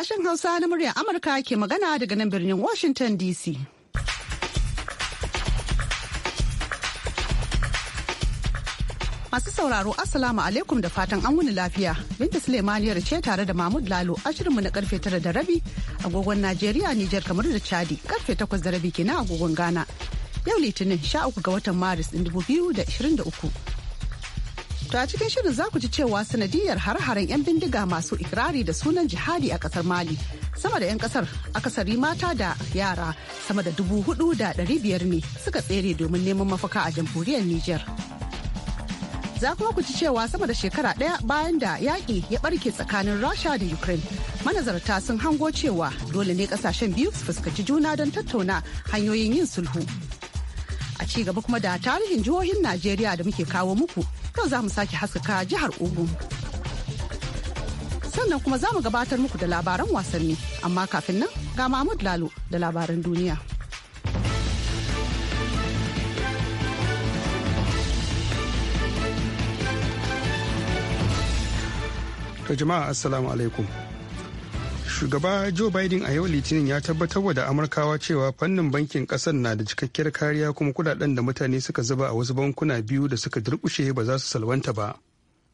Sashen Hausa na muryar Amurka ke magana daga nan birnin Washington DC. Masu sauraro asalamu alaikum da fatan an wuni lafiya. Binta Sulemaniyar ce tare da Mahmud Lalo a shirinmu na karfe tara da rabi agogon Najeriya, Nijar kamar da Chadi karfe takwas da rabi kenan agogon Ghana. Yau Litinin sha uku ga watan Maris 2023. To cikin shirin za ku ji cewa sanadiyar har-haren 'yan bindiga masu ikirari da sunan jihadi a kasar Mali sama da 'yan kasar akasari mata da yara sama da dubu hudu da dari biyar ne suka tsere domin neman mafaka a jamhuriyar niger. Za kuma ku ci cewa sama da shekara daya bayan da yaƙi ya barke tsakanin Rasha da Ukraine. Manazarta sun hango cewa dole ne kasashen biyu su fuskaci juna don tattauna hanyoyin yin sulhu. A ci gaba kuma da tarihin jihohin Najeriya da muke kawo muku yau za mu sake haskaka jihar Ogun. Sannan kuma za mu gabatar muku da labaran wasanni, amma kafin nan ga Mahmud Lalo da labaran duniya. jama'a assalamu alaikum shugaba joe biden a yau litinin ya tabbatar da amurkawa cewa fannin bankin kasar na da cikakkiyar kariya kuma kudaden da mutane suka zuba a wasu bankuna biyu da suka durkushe ba za su salwanta ba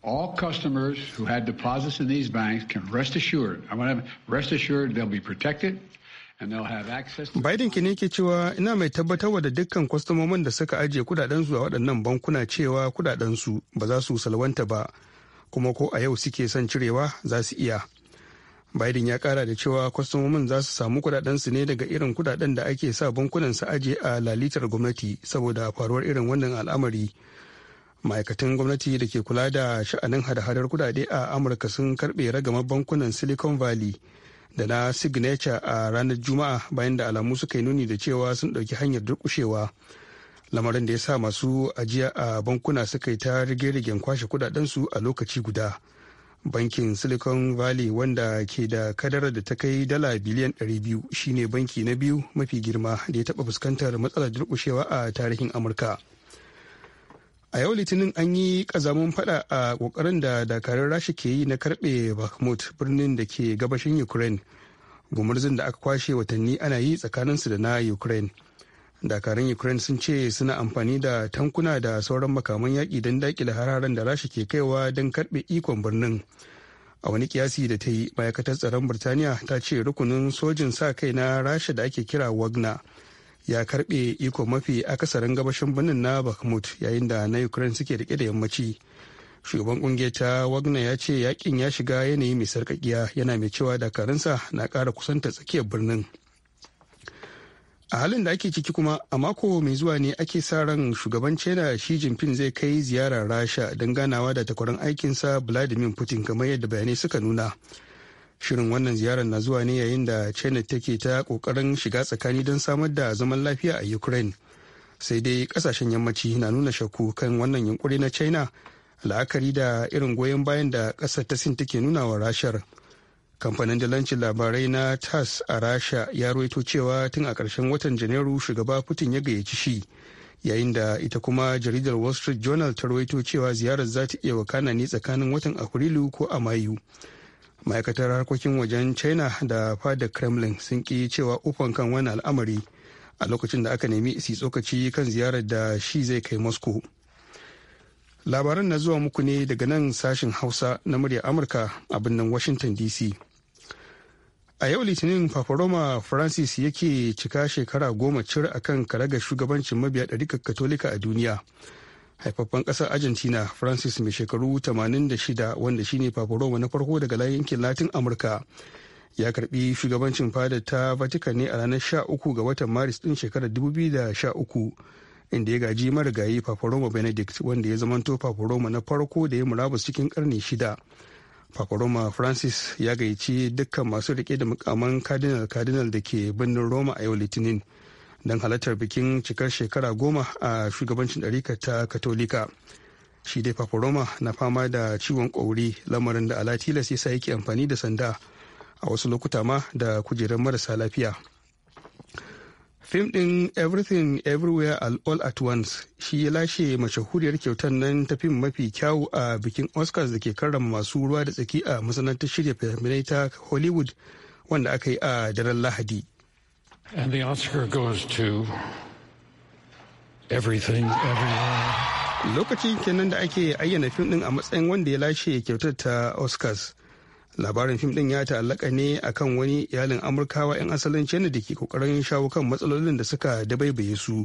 All customers who had deposits in these banks can rest assured. I want to rest assured Biden ke ne ke cewa ina mai tabbatar da dukkan kwastomomin da suka ajiye su a waɗannan bankuna cewa su ba za su salwanta ba kuma ko a yau suke son cirewa za su iya. biden ya kara da cewa kwastomomin za su samu kudadensu ne daga irin kudaden da ake sa bankunan su aje a lalitar gwamnati saboda faruwar irin wannan al'amari ma'aikatan gwamnati da ke kula da sha'anin hada-hadar kudade a amurka sun karbe ragamar bankunan silicon valley da na signature a ranar juma'a bayan da alamu suka yi nuni da cewa sun ɗauki hanyar durƙushewa lamarin da ya sa masu ajiya a bankuna suka yi ta rige-rigen kwashe kudadensu a lokaci guda. bankin silicon valley wanda ke da kadarar da ta kai dala biliyan 200 shine banki na biyu mafi girma da ya taba fuskantar matsalar durkushewa a tarihin amurka a yau litinin an yi kazamun fada a kokarin da dakarun rasha ke yi na karbe bakhmut birnin da ke gabashin ukraine gumurzin da aka kwashe watanni ana yi tsakaninsu da na ukraine dakarun ukraine sun ce suna amfani da tankuna da sauran makaman yaƙi don daƙile hararen da rasha ke kaiwa don karɓe ikon birnin a wani kiyasi da ta yi ma'aikatar tsaron birtaniya ta ce rukunin sojin sa kai na rasha da ake kira wagner ya karɓe ikon mafi akasarin gabashin birnin na bakhmut yayin da na ukraine suke rike da yammaci shugaban kungiyar ta wagner ya ce yakin ya shiga yanayi mai sarkakiya yana mai cewa dakarunsa na ƙara kusanta tsakiyar birnin a halin da ake ciki kuma a mako mai zuwa ne ake sa ran shugaban china shi jinping zai kai ziyarar rasha don ganawa da takwaran aikinsa vladimir putin kamar yadda bayanai suka nuna shirin wannan ziyarar na zuwa ne yayin da china take ta kokarin shiga tsakani don samar da zaman lafiya a ukraine sai dai kasashen yammaci na nuna shakku kan wannan yunkuri na china la'akari da irin goyon bayan da kasar ta sin take nuna wa rashar kamfanin dalancin labarai na tas a rasha ya ruwaito cewa tun a ƙarshen watan janairu shugaba putin ya gayyaci shi yayin da ita kuma jaridar wall street journal ta ruwaito cewa ziyarar za ta iya wakana ne tsakanin watan afrilu ko a mayu ma'aikatar harkokin wajen china da fadar kremlin sun ki cewa ufan kan wani al'amari a lokacin da aka nemi isi tsokaci kan ziyarar da shi zai kai moscow labaran na zuwa muku ne daga nan sashen hausa na murya amurka a birnin washington dc a yau litinin paparoma francis yake cika shekara goma cir a kan karagar shugabancin mabiya ɗarikar katolika a duniya haifaffen ƙasar argentina francis mai shekaru 86 wanda shine paparoma na farko daga yankin latin amurka ya karbi shugabancin fada ta vatican ne a ranar 13 ga watan maris din shekarar 2013 inda ya gaji marigayi fafaroma benedict wanda ya zamanto fafaroma na farko da ya murabus cikin karni shida fafaroma francis ya gayyaci dukkan masu rike da mukaman kadinal-kadinal da ke birnin roma a yau litinin don halartar bikin cikar shekara goma a shugabancin ɗarika ta katolika shi dai fafaroma na fama da ciwon ƙauri lamarin da alatilas ya sa yake amfani da sanda a wasu lokuta ma da kujerar marasa lafiya fim ɗin everything everywhere all at once shi ya lashe mashahuriyar kyautar nan ta fim mafi kyawu a bikin oscars da ke karrama masu ruwa da tsaki a masanantar shirya fahimtar ta hollywood wanda aka yi a daren lahadi and the oscar goes to everything everywhere lokacin kenan da ake ayyana fim ɗin a matsayin wanda ya lashe kyautar ta oscars labarin fim din ya ta'allaka ne akan wani iyalin amurkawa 'yan asalin china da ke kokarin shawo kan matsalolin da suka dabaibaye su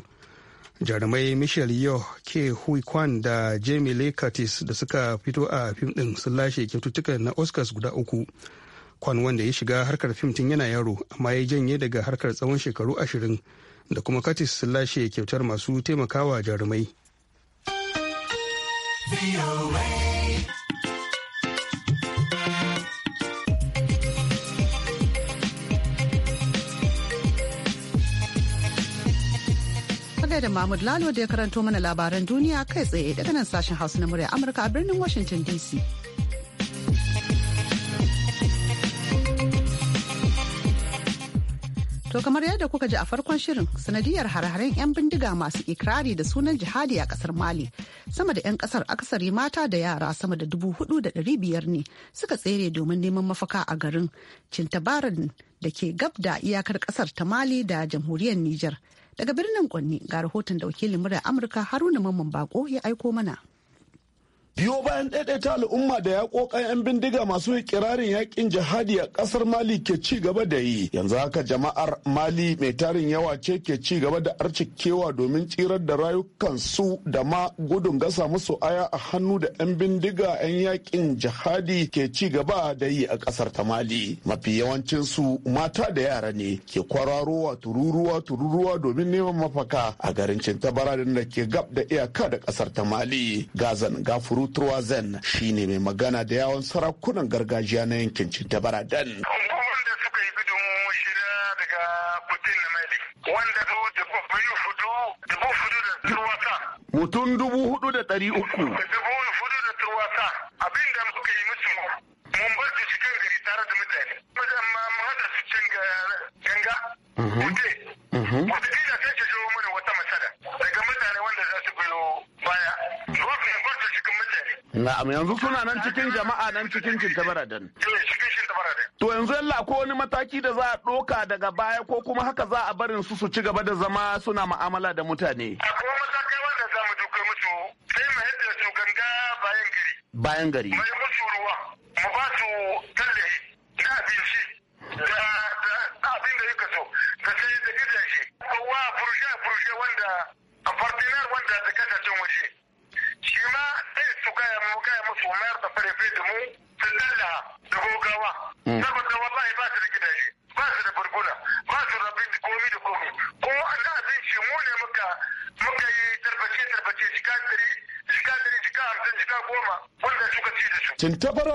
jarumai michelle yeoh ke hui kwan da jamie lee curtis da suka fito a fim din sun lashe kyaututtukan na oscars guda uku kwan wanda ya shiga harkar fim tun yana yaro amma ya janye daga harkar tsawon shekaru ashirin da kuma curtis sun lashe kyautar masu taimakawa jarumai. gaida da Mahmud Lalo da ya karanto mana labaran duniya kai tsaye daga nan sashen Hausa na murya Amurka a birnin Washington DC. To kamar yadda kuka ji a farkon shirin sanadiyar hare-haren 'yan bindiga masu ikirari da sunan jihadi a kasar Mali sama da 'yan kasar akasari mata da yara sama da dubu hudu da dari biyar ne suka tsere domin neman mafaka a garin Cintabaran da ke gab da iyakar kasar ta Mali da jamhuriyar Nijar. Daga birnin Kwanni ga rahoton da wakilin murar Amurka Haruna Mamman Bako ya aiko mana. biyo bayan ɗaiɗaita al'umma da ya ƙoƙan 'yan bindiga masu kirarin yakin jihadi a ƙasar mali ke ci gaba da yi yanzu haka jama'ar mali mai tarin yawa ce ke ci gaba da arcikewa domin tsirar da rayukansu da ma gudun gasa musu aya a hannu da 'yan bindiga 'yan yaƙin jihadi ke ci gaba da yi a ƙasar ta mali mafi su mata da yara ne ke kwararowa tururuwa tururuwa domin neman mafaka a garin cintabara da ke gab da iyaka da ƙasar ta mali gazan gafuru shi shine mai magana da yawon sarakunan gargajiya na yankin cintabaradan wanda da Mutum dubu hudu da ɗari uku. Dubu fudu da turwasa abin da muka yi musu mun bar su cikin gari tare da mutane. Mutum ma mu haɗa su can ganga. Kuɗe. Mhm. Kuɗe mhm. Na'am yanzu suna nan cikin jama'a nan cikin baradan. Eh, to yanzu yalla ko wani mataki da za a ɗoka daga baya ko kuma haka za a barin su su ci gaba da zama suna ma'amala da mutane. Akwai matakai wanda za mu duka musu sai mu yadda su ganga bayan gari. Bayan gari.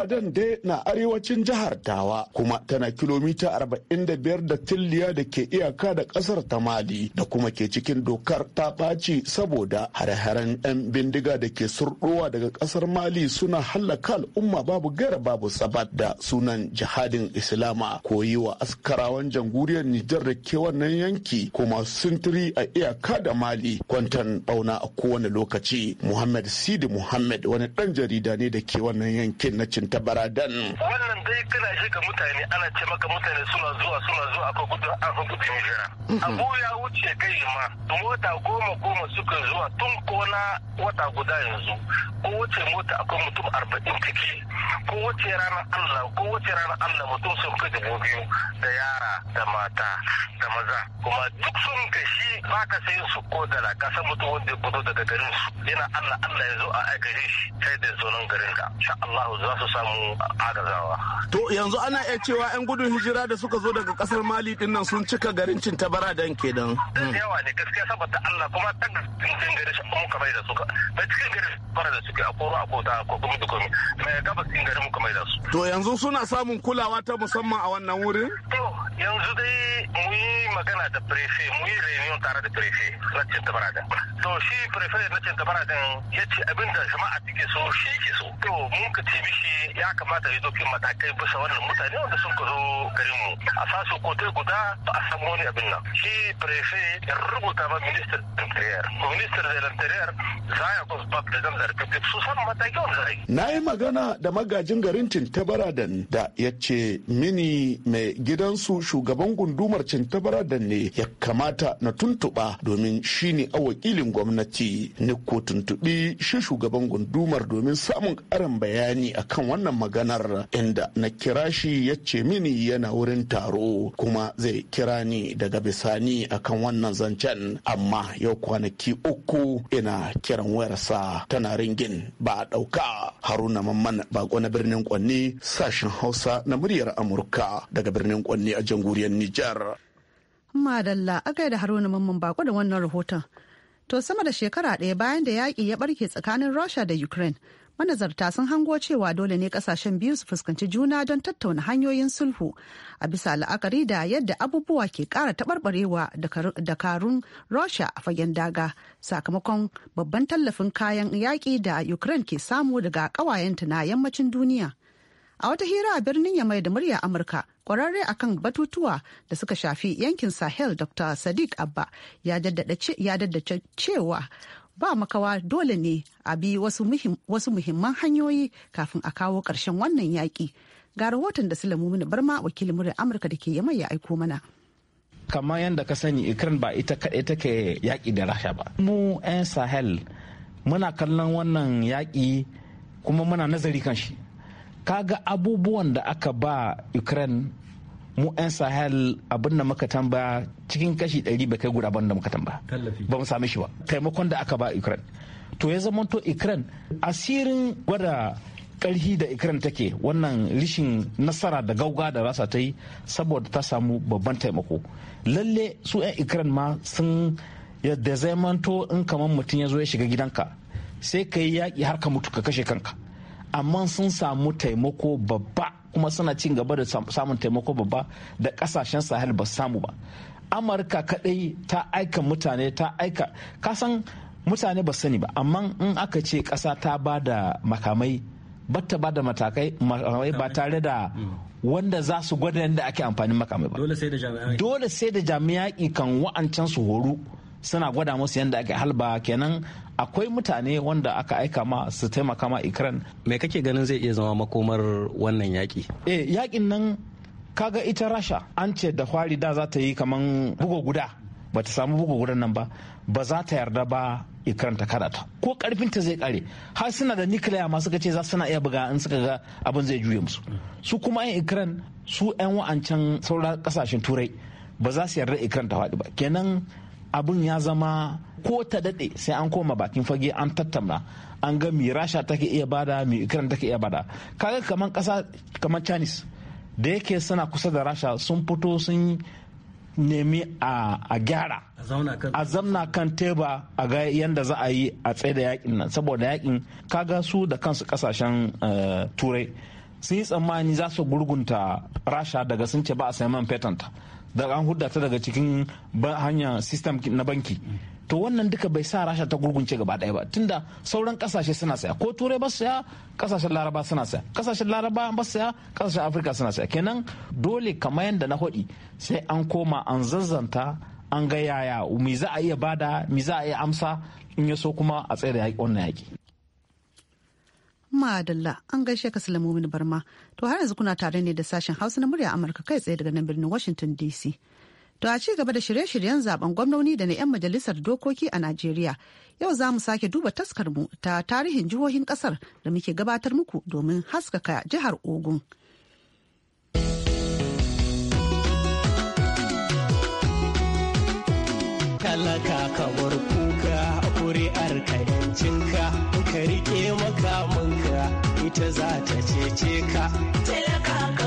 adan dai na arewacin jihar Tawa kuma tana kilomita 45 da Tilliya da ke iyaka da ƙasar ta Mali da kuma ke cikin dokar ta ɓaci saboda hare-haren 'yan bindiga da ke surɗowa daga ƙasar Mali suna hallaka al'umma babu gaira babu sabat da sunan jihadin Islama koyi wa askarawan jamhuriyar Nijar da ke wannan yanki kuma sintiri a iyaka da Mali kwantan bauna a kowane lokaci. Muhammad Sidi Muhammad wani ɗan jarida ne da ke wannan yankin na cinta ta baradan. Wannan dai kana shi ga mutane ana ce maka mutane suna zuwa suna zuwa aka gudu aka gudu jira. Abu ya wuce kai ma mota goma goma suka zuwa tun kona wata guda yanzu. Ko wace mota akwai mutum arba'in ciki wace rana Allah wace rana Allah mutum sun kai dubu biyu da yara da mata da maza kuma duk sun shi ba ka sayin su ko da la san mutum wanda ya gudu daga garin su yana Allah Allah ya zo a aikace shi sai da zo nan garin ka. Sha Allah za su samu agazawa. To yanzu ana iya cewa 'yan gudun hijira da suka zo daga kasar Mali din nan sun cika garin Cintabara dan kenan. Hmm. Yawa ne gaskiya saboda Allah kuma ta cikin gari su kuma mai da su. Da cikin gari fara da suke a koro a kota ko kuma da komai. Mai gaba cikin gari mu mai da su. To yanzu suna samun kulawa ta musamman a wannan wurin? To yanzu dai mu yi magana da prefe mu yi reunion tare da prefe na cin tabaradin to shi prefe na cin tabaradin ya ce abin da jama'a take so shi ke so to mun ka ce mishi ya kamata ya dauki matakai bisa wannan mutane wanda sun ka zo garin mu a sasu kotai guda ba a samu wani abin nan shi prefe ya rubuta ba minister interior ko minister interior za ya kusa ba da zamzar kafin su san matakai wanda zai na yi magana da magajin garin tintabaradan da ya ce mini mai gidansu shugaban gundumar cintabara da ne ya kamata na tuntuɓa domin shi ne a wakilin gwamnati ni ko tuntuɓi shi shugaban gundumar domin samun ƙarin bayani akan wannan maganar inda na kira shi ya ce mini yana wurin taro kuma zai kira ni daga bisani akan wannan zancen amma yau kwanaki uku ina kiran wayarsa tana ringin ba a ɗauka haruna mamman bako na birnin kwanne, sashen hausa na muryar amurka daga birnin kwanni a jamhuriyar Nijar. Madalla a gaida Haruna Mamman Bako da wannan rahoton. To sama da shekara ɗaya bayan da yaƙi ya barke tsakanin Rasha da Ukraine, manazarta sun hango cewa dole ne ƙasashen biyu su fuskanci juna don tattauna hanyoyin sulhu a bisa la'akari da yadda abubuwa ke ƙara taɓarɓarewa da karun Rasha a fagen daga sakamakon babban tallafin kayan yaƙi da Ukraine ke samu daga ƙawayenta na yammacin duniya. A wata hira a birnin ya Yamai da murya Amurka, kwararre akan batutuwa da suka shafi yankin sahel dr sadiq abba ya daddace cewa ba makawa dole ne a bi wasu muhimman hanyoyi kafin a kawo ƙarshen wannan yaƙi ga rahoton da sulamu barma wakilin murar amurka da ke yamai ya aiko mana kamar yadda ka sani ukraine ba ita kaɗai take yaƙi da rasha ba mu 'yan sahel muna kallon wannan yaƙi kuma muna nazari kan shi kaga abubuwan da aka ba ukraine mu 'yan sahel abin da muka tambaya cikin kashi 100 bai kai guda da muka tambaya ba mu sami shi ba taimakon da aka ba ukraine to ya zama to ukraine asirin gwada karhi da ukraine take wannan rishin nasara da gauga da rasa ta yi saboda ta samu babban taimako lalle su 'yan ukraine ma sun yadda zai manto in kamar mutum ya zo ya shiga gidanka sai ka yi yaƙi har ka mutu ka kashe kanka amma sun samu taimako babba kuma suna cin gaba da samun taimako babba da kasashen sahel ba samu ba amurka kadai ta aika mutane ta aika kasan mutane ba sani ba amma in aka ce kasa ta ba da makamai ba ta ba da matakai ba tare da mm. wanda za su gwada yadda ake amfanin makamai ba dole sai da jami'a kan wa'ancan su horu suna gwada musu yadda ake halba kenan akwai mutane wanda aka aika ma su taimaka ma ikran me kake ganin zai iya zama makomar wannan yaƙi. eh yakin nan kaga ita rasha an ce da fari da za ta yi kaman bugu guda ba ta samu bugu gudan nan ba ba za ta yarda ba ikran ta kada ta ko karfinta zai kare har suna da nuclear masu suka ce za suna iya buga in suka ga abin zai juye musu su kuma yan ikran su yan wa'ancan sauran kasashen turai ba za su yarda ikran ta faɗi ba kenan abin ya zama ko ta daɗe sai an koma bakin fage an tattauna an ga mi rasha take iya bada mi ukraine take iya bada kaga kamar ƙasa kamar chinese da yake suna kusa da rasha sun fito sun nemi a gyara a zamna kan teba a ga yadda za a yi a tsaye da yakin nan saboda yakin kaga su da kansu kasashen eh, turai sun yi tsammani za su gurgunta rasha daga sun ce ba a sai man fetanta da an hudda ta daga cikin hanya system na banki to wannan duka bai sa rasha ta gurgunce gaba daya ba tunda sauran kasashe suna saya ko turai ba saya kasashen laraba suna saya kasashen laraba ba saya kasashen afirka suna saya kenan dole kamar yadda na hodi sai an koma an zazzanta an ga yaya mi za a iya bada mi za a iya amsa in ya so kuma a tsaye da wannan yaki Madalla an gaishe ka Sulamomin Barma. To har yanzu kuna tare ne da sashen Hausa na murya Amurka kai tsaye daga nan birnin Washington DC. To a ci gaba da shirye-shiryen zaben gwamnoni da na 'yan majalisar dokoki a Najeriya. Yau za mu sake duba taskarmu ta tarihin jihohin kasar da muke gabatar muku domin haskaka jihar Ogun. Talaka kawar kuka, kuri'ar cinka. ka riƙe makamanka ita za ta cece ka. Talaka ka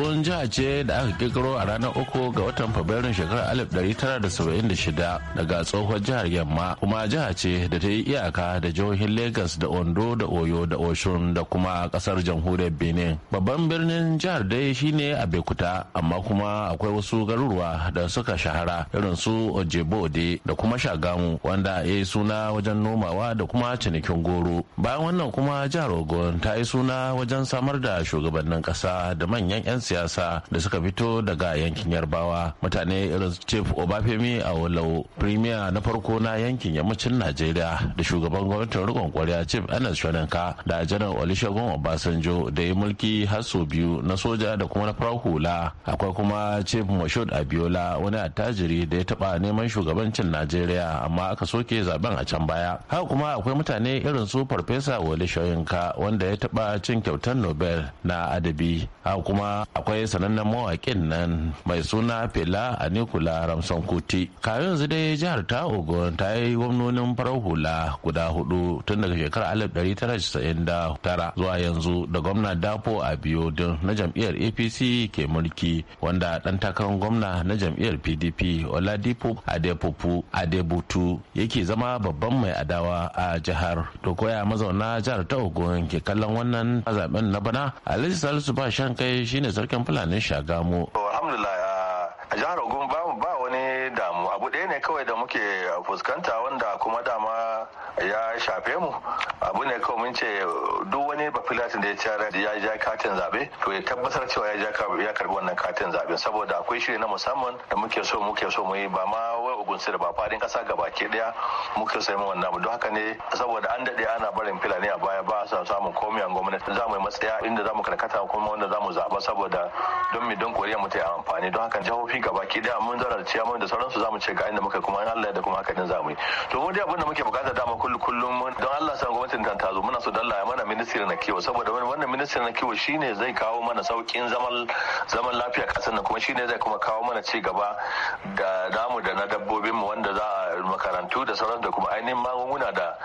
sabon jiha ce da aka kirkiro a ranar uku ga watan Fabrairun shekarar 1976 daga tsohon jihar Yamma kuma jiha ce da ta yi iyaka da jihohin Lagos da Ondo da Oyo da Oshun da kuma kasar jamhuriyar Benin. Babban birnin jihar dai shine bekuta amma kuma akwai wasu garuruwa da suka shahara irin su Ojebode da kuma Shagamu wanda ya yi suna wajen nomawa da kuma cinikin goro. Bayan wannan kuma jihar Ogun ta yi suna wajen samar da shugabannin kasa da manyan 'yan siyasa da suka fito daga yankin yarbawa mutane irin chief obafemi a walau premier na farko na yankin yammacin najeriya da shugaban gwamnatin rikon kwarya chief anas shoninka da janar olusegun obasanjo da ya mulki har sau biyu na soja da kuma na farar hula akwai kuma chief moshood abiola wani attajiri da ya taba neman shugabancin najeriya amma aka soke zaben a can baya haka kuma akwai mutane irin su farfesa wale shoyinka wanda ya taba cin kyautar nobel na adabi haka kuma akwai sanannen mawaƙin nan mai suna fela a nikula ramson kuti kafin yanzu dai jihar ta ogun ta yi gwamnonin farar hula guda hudu tun daga shekarar 1999 zuwa yanzu da gwamna dapo a biyu na jam'iyyar apc ke mulki wanda dan takarar gwamna na jam'iyyar pdp oladipo adepopu adebutu yake zama babban mai adawa a jihar to koya mazauna jihar ta ogun ke kallon wannan zaben na bana alhaji salisu ba shan kai shine sarkin Fulani Shagamu. Alhamdulillah a jihar Ogun ba wani damu abu ɗaya ne kawai da muke fuskanta wanda kuma dama ya shafe mu abu ne kawai mun ce duk wani filatin da ya cara ya ja katin zabe to ya tabbatar cewa ya karbi wannan katin zabe saboda akwai shiri na musamman da muke so muke so mu yi ba ma bugun da ba fadin kasa gabaki ɗaya muke sai mu wannan don haka ne saboda an dade ana barin filani a baya ba sa samun komai a gwamnati za mu yi matsaya inda za mu karkata kuma wanda za mu zaba saboda don mi don koriya mu ta yi amfani don haka jihohi gabaki ɗaya mun zarar mun da sauransu za mu ce ga inda muka kuma Allah da kuma haka din za mu yi to mu dai abinda muke bukata dama kullum don Allah san gwamnatin ta tazo muna so dalla mana ministry na kiwo saboda wannan ministry na kiwo shine zai kawo mana saukin zaman zaman lafiya kasar nan kuma shine zai kuma kawo mana ci gaba da damu da na dabbobi dabbobinmu wanda za a makarantu da sauran da kuma ainihin magunguna da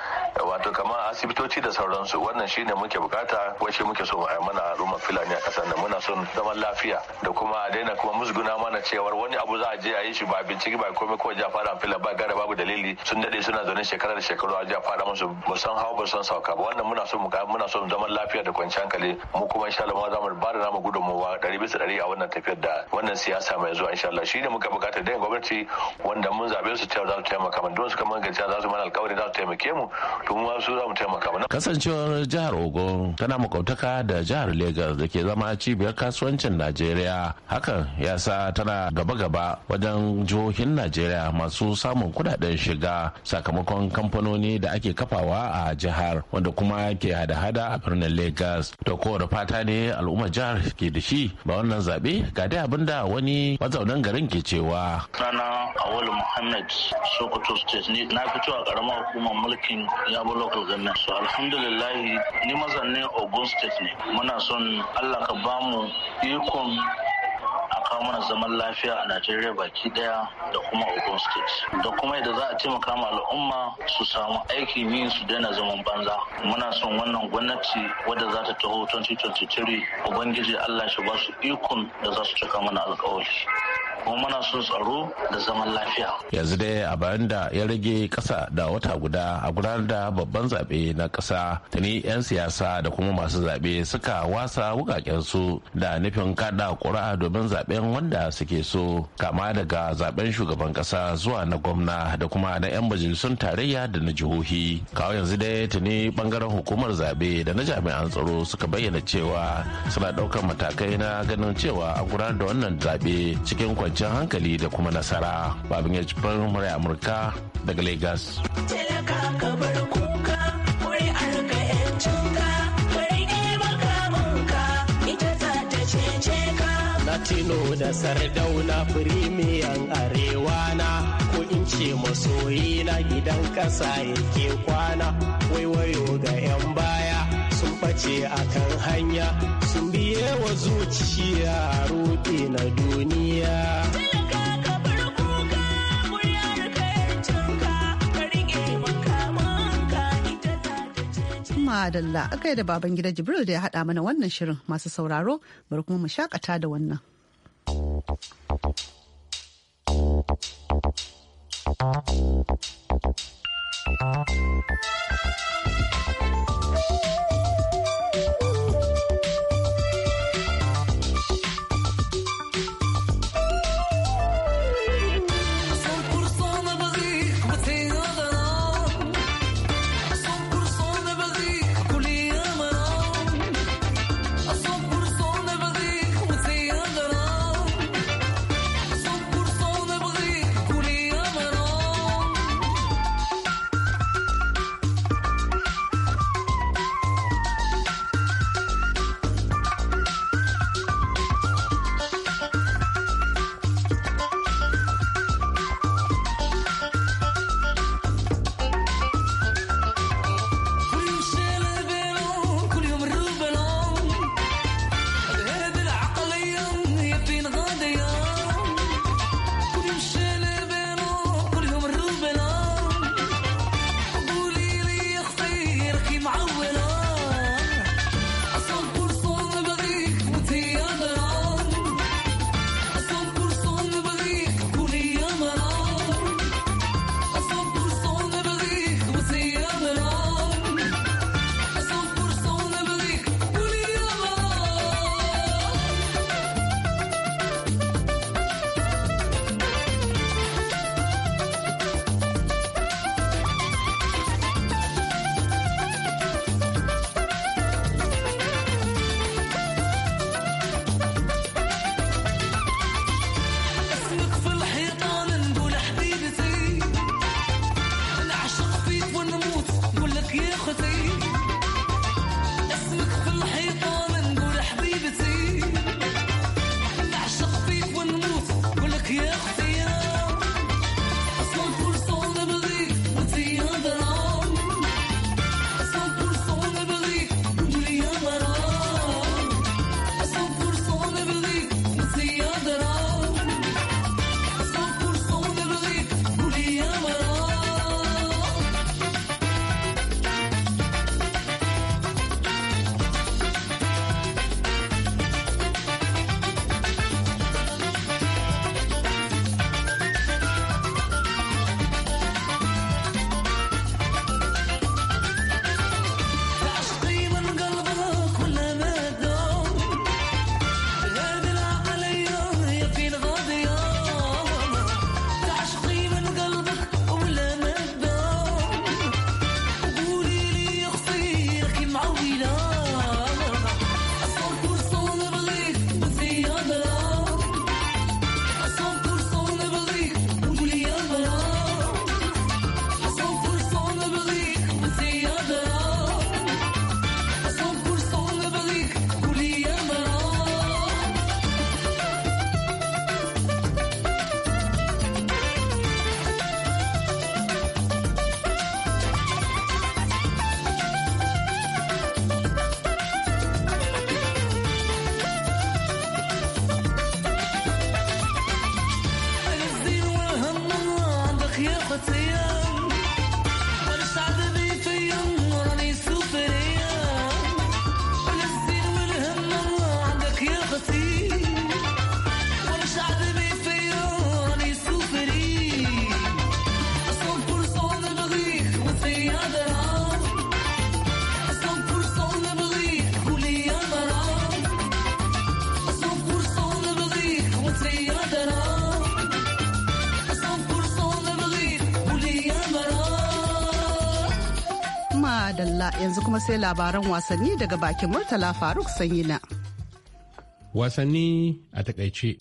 wato asibitoci da sauransu wannan shine muke bukata ko shi muke so ai mana ruma filani a kasar nan muna son zaman lafiya da kuma a daina kuma musguna mana cewar wani abu za a je a yi shi ba bincike ba komai ko ja fara fila ba gara babu dalili sun dade suna zaune da shekaru a ja fara musu ba san hawa ba san sauka ba wannan muna so mu muna so zaman lafiya da kwanciyar hankali mu kuma insha Allah za mu ba da namu gudunmuwa ɗari bisa ɗari a wannan tafiyar da wannan siyasa mai zuwa insha Allah shine muka bukata da gwamnati wanda mun zabe su cewa za su taimaka mana don su kamar gajiya za su mana alƙawari za su taimake mu to mu za mu taimaka Kasancewar jihar Ogun tana makwabtaka da jihar Legas da ke zama cibiyar kasuwancin Najeriya. Hakan ya sa tana gaba-gaba wajen jihohin Najeriya masu samun kudaden shiga sakamakon kamfanoni da ake kafawa a jihar wanda kuma ke hada-hada a birnin Legas. To kowane fata ne al'ummar jihar ke da shi ba wannan zaɓe ga dai abin da wani mazaunan garin ke cewa. Rana Awolu Muhammad Sokoto State ne na fito a ƙaramar hukumar mulkin Yabo Local Government. So alhamdulillahi ni mazannin Ogun State ne. Muna son Allah ka bamu ikon kawo mana zaman lafiya a Najeriya baki daya da kuma Ogun State. Da kuma yadda za a taimaka ma al'umma su samu aikin yin su daina zaman banza. Muna son wannan gwamnati wadda za ta taho 2023 Ubangiji Allah shi ba su ikon da za su cika mana alkawari. kuma muna so tsaro da zaman lafiya yanzu dai a bayan da ya rage kasa da wata guda a gudanar da babban zaɓe na ƙasa tuni 'yan siyasa da kuma masu zaɓe suka wasa wukakensu da nufin kada ƙura domin zaɓen wanda suke so kama daga zaɓen shugaban kasa zuwa na gwamna da kuma na 'yan majalisun tarayya da na jihohi kawo yanzu dai tuni bangaren hukumar zaɓe da na jami'an tsaro suka bayyana cewa suna ɗaukar matakai na ganin cewa a gudanar da wannan zaɓe cikin kwanciyar hankali da kuma nasara babin ya jibin murai amurka daga lagos tino da Sardauna firimiyan arewa na ko in ce masoyi na gidan ƙasa yake kwana waiwayo ga 'yan baya face a kan hanya sun biye wa zuciya roƙe na duniya. madalla aka yi da baban gida Jibril da ya haɗa mana wannan shirin masu sauraro bari kuma mu shakata da wannan. dalla yanzu kuma sai labaran wasanni daga bakin Murtala Faruk Sanyina. Wasanni a takaice.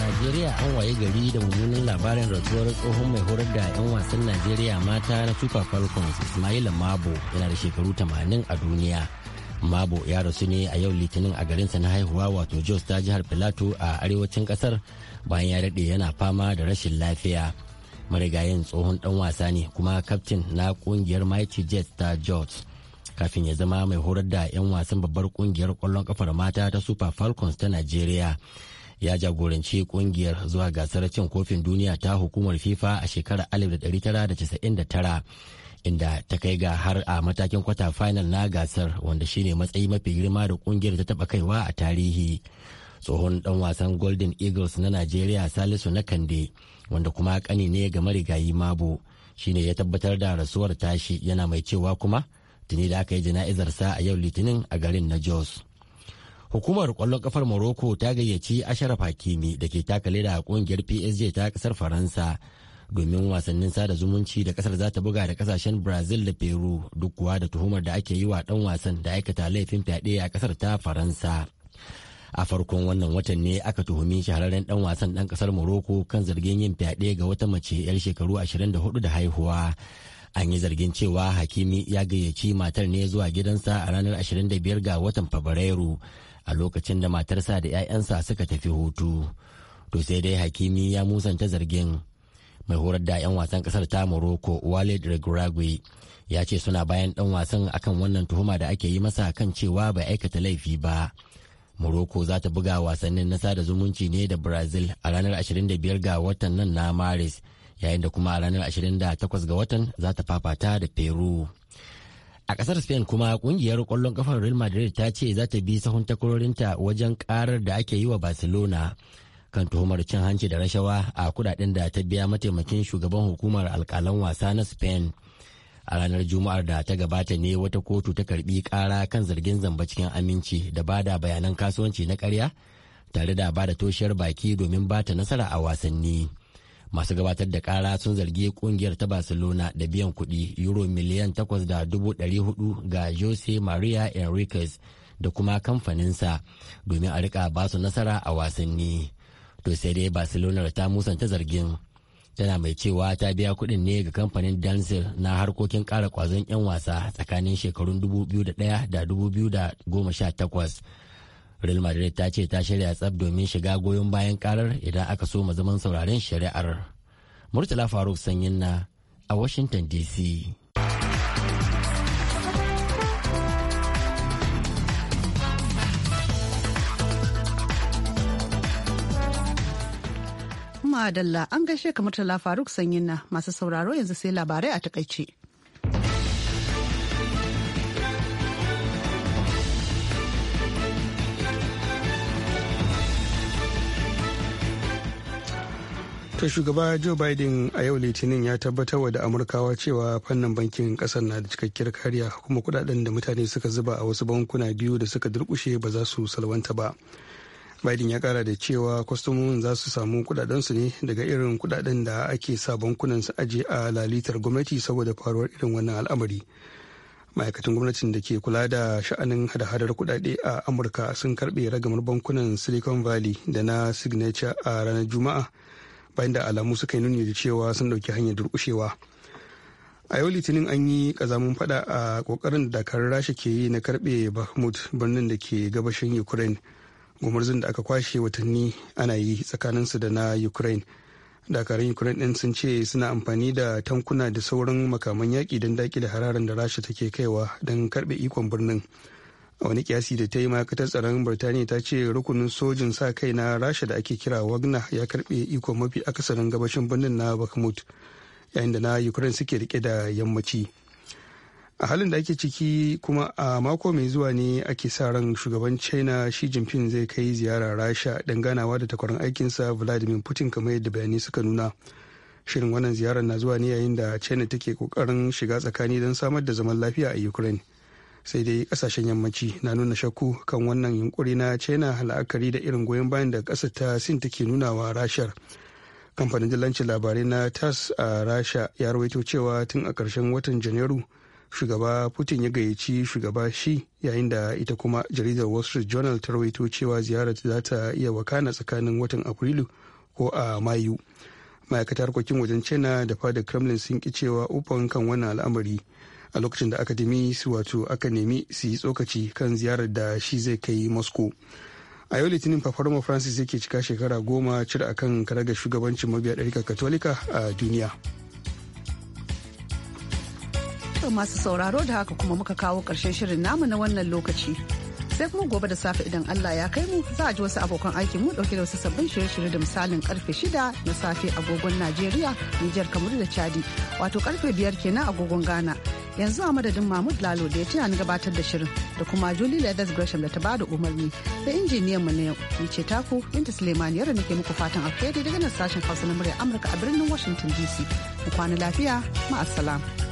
Najeriya an waye gari da mummunan labarin rasuwar tsohon mai horar da 'yan wasan Najeriya mata na Super Falcons Ismaila Mabo yana da shekaru 80 a duniya. Mabo ya rasu ne a yau litinin a garinsa na haihuwa wato Jos ta jihar Filato a arewacin kasar bayan ya daɗe yana fama da rashin lafiya. marigayin tsohon dan wasa ne kuma kaftin na kungiyar mighty jets ta george kafin ya zama mai horar da 'yan wasan babbar kungiyar kwallon kafar mata ta super falcons ta nigeria ya jagoranci kungiyar zuwa gasar cin kofin duniya ta hukumar fifa a shekarar 1999 inda ta kai ga har a matakin kwata final na gasar wanda shine matsayi mafi girma da kungiyar ta taba kaiwa a tarihi tsohon dan wasan golden eagles na nigeria salisu na kande wanda kuma kani ne ga marigayi mabo shine ya tabbatar da rasuwar tashi yana mai cewa kuma tuni da aka yi jana'izarsa a yau litinin a garin na jos hukumar kwallon kafar morocco ta gayyaci ashraf hakimi da ke taka leda a kungiyar psg ta kasar faransa domin wasannin sada zumunci da kasar za ta buga da kasashen brazil da peru duk kuwa da tuhumar da ake yi wa dan wasan da aikata laifin fyaɗe a kasar ta faransa a farkon wannan watan ne aka tuhumi shahararren dan wasan dan kasar morocco kan zargin yin fyaɗe ga wata mace 'yar shekaru 24 da haihuwa an yi zargin cewa hakimi ya gayyaci matar ne zuwa gidansa a ranar 25 ga watan fabrairu a lokacin da matarsa da 'ya'yansa suka tafi hutu to sai dai hakimi ya musanta zargin mai horar da 'yan wasan kasar ta morocco walid regragui ya ce suna bayan dan wasan akan wannan tuhuma da ake yi masa kan cewa bai aikata laifi ba Morocco za ta buga wasannin na sada zumunci ne da Brazil a ranar 25 ga watan nan na Maris yayin da kuma a ranar 28 ga watan za ta fafata da Peru. A kasar Spain kuma kungiyar kwallon kafar Real Madrid ta ce za ta bi sahun takwarorinta wajen karar da ake yi wa Barcelona kan tuhumar cin hanci da rashawa a kudaden da ta biya mataimakin shugaban hukumar alkalan wasa na Spain. a ranar juma'ar da ta gabata ne wata kotu ta karbi kara kan zargin zamba cikin aminci da bada bayanan kasuwanci na karya tare da bada toshiyar baki domin bata nasara a wasanni masu gabatar da kara sun zargi kungiyar ta barcelona da biyan kudi euro miliyan 8,400 ga jose maria enriquez da kuma kamfaninsa domin a rika basu nasara a wasanni to sai dai barcelona ta musanta zargin tana mai cewa ta biya kuɗin ne ga kamfanin danzil na harkokin kara kwazon 'yan wasa tsakanin shekarun 2001 da 2018 real madrid ta ce ta shirya tsab domin shiga goyon bayan karar idan aka so ma zaman sauraren shari'ar murtala faruk sanyin na a washington dc Dalla an gaishe kamar tala faruk sanyin na masu sauraro yanzu sai labarai a takaice. ta shugaba Joe Biden a yau litinin ya wa da Amurkawa cewa fannin bankin kasar na da cikakkiyar kariya kuma kudaden da mutane suka zuba a wasu bankuna biyu da suka durkushe ba za su salwanta ba. biden ya kara da cewa kwastomomin za su samu kudadensu ne daga irin kudaden da ake sa bankunan su aje a lalitar gwamnati saboda faruwar irin wannan al'amari ma'aikatan gwamnatin da ke kula da sha'anin hada-hadar kudade a amurka sun karbe ragamar bankunan silicon valley da na signature a ranar juma'a bayan da alamu suka yi nuni da cewa sun dauki hanyar durkushewa a yau litinin an yi kazamin fada a kokarin dakarun rasha ke yi na karbe bahmut birnin da ke gabashin ukraine gumurzun da aka kwashe watanni ana yi tsakanin su da na ukraine dakarun ukraine din sun ce suna amfani da tankuna da sauran makaman yaƙi don dakile da da rasha take kaiwa don karbe ikon birnin a wani kiyasi da ta yi ma'aikatar tsaron birtaniya ta ce rukunin sojin sa kai na rasha da ake kira wagner ya karbe ikon mafi akasarin gabashin birnin na bakhmut yayin da na ukraine suke rike da yammaci a halin da ake ciki kuma a mako mai zuwa ne ake sa ran shugaban china shi jinping zai kai ziyara rasha don ganawa da takwarar aikinsa vladimir putin kamar yadda bayanai suka nuna shirin wannan ziyarar na zuwa ne yayin da china take kokarin shiga tsakani don samar da zaman lafiya a ukraine sai dai kasashen yammaci na nuna shakku kan wannan yunkuri na china la'akari da irin goyon bayan da kasar ta sin take nuna wa rashar kamfanin dillancin labarai na tas a rasha ya rawaito cewa tun a karshen watan janairu shugaba putin ya gayyaci shugaba shi yayin da ita kuma jaridar wall street journal ta rawaito cewa ziyarar za ta iya wakana tsakanin watan afrilu ko a mayu ma'aikatar harkokin wajen china da fadar kremlin sun ki cewa ufan kan wannan al'amari a lokacin da aka dimi su wato aka nemi su yi tsokaci kan ziyarar da shi zai kai moscow a yau litinin paparoma francis yake cika shekara goma cire akan karagar shugabancin mabiya ɗarika katolika a duniya. alaikum masu sauraro da haka kuma muka kawo ƙarshen shirin namu na wannan lokaci. Sai kuma gobe da safe idan Allah ya kai mu za a ji wasu abokan aiki mu dauke da wasu sabbin shirye-shirye da misalin karfe shida na safe agogon Najeriya, Nijar, Kamaru da Chadi, wato karfe biyar kenan agogon Ghana. yanzu a madadin mahmud lalo da ya tuna ni gabatar da shirin da kuma julie Ladas gresham da ta bada umarni da injiniyan mu na yau ni ce taku binta suleiman yara nake muku fatan alheri daga nan sashen hausa na murya amurka a birnin washington dc mu kwana lafiya ma'assalam.